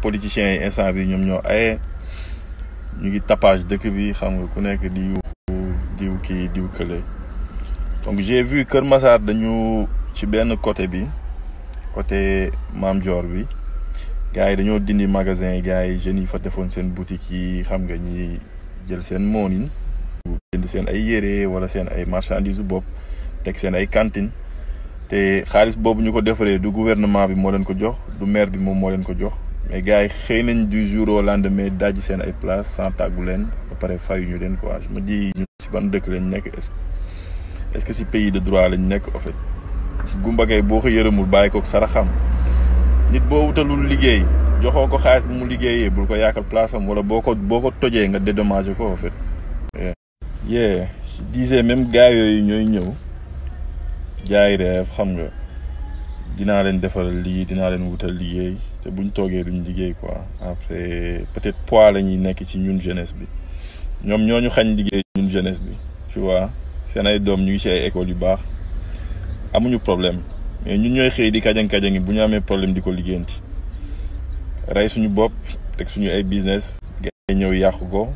politiciens yi instant bi ñoom ñoo aye ñu ngi tappage dëkk bi xam nga ku nekk diw diw kii diw kële donc j'ai vu Kër Massar dañu ci benn côté bi côté Maam Dior bi gars yi dañoo dindi magasin yi gars yi jeunes yi fa defoon seen boutique yi xam nga ñi jël seen moonin dindi seen ay yére wala seen ay marchandises bopp teg seen ay cantine te xaalis boobu ñu ko defaree du gouvernement bi moo leen ko jox du meer bi moom moo leen ko jox mais gars yi xëy nañ du jour au lendemain dajji seen ay place sans tàggu leen ba pare ñu leen quoi ma me dis ñu si ban dëkk lañ nekk est-ce que est-ce si pays de droit lañ nekk ofet fait gumba kay boo ko yërëmul bàyyi kook saraxam nit boo wutalul liggéey joxoo ko xaalis bu mu liggéeyee bul ko yaakal place am wala boo ko boo ko tojee nga dédommagé ko en fait yeah disais même gars yooyu ñooy ñëw jaay reef xam nga dinaa leen defaral lii dinaa leen wutal liggéey te buñ toogee duñ liggéey quoi après peut-être pois la ñuy nekk ci ñun jeunesse bi ñoom ñoo ñu xañ liggéey ñun jeunesse bi tu vois seen ay doom ñu ngi ci ay école yu baax amuñu problème mais ñu ñooy xëy di kajang-kajangi bu ñu amee problème di ko liggéeyanti rey suñu bopp te suñu ay business gars ñëw yàqu ko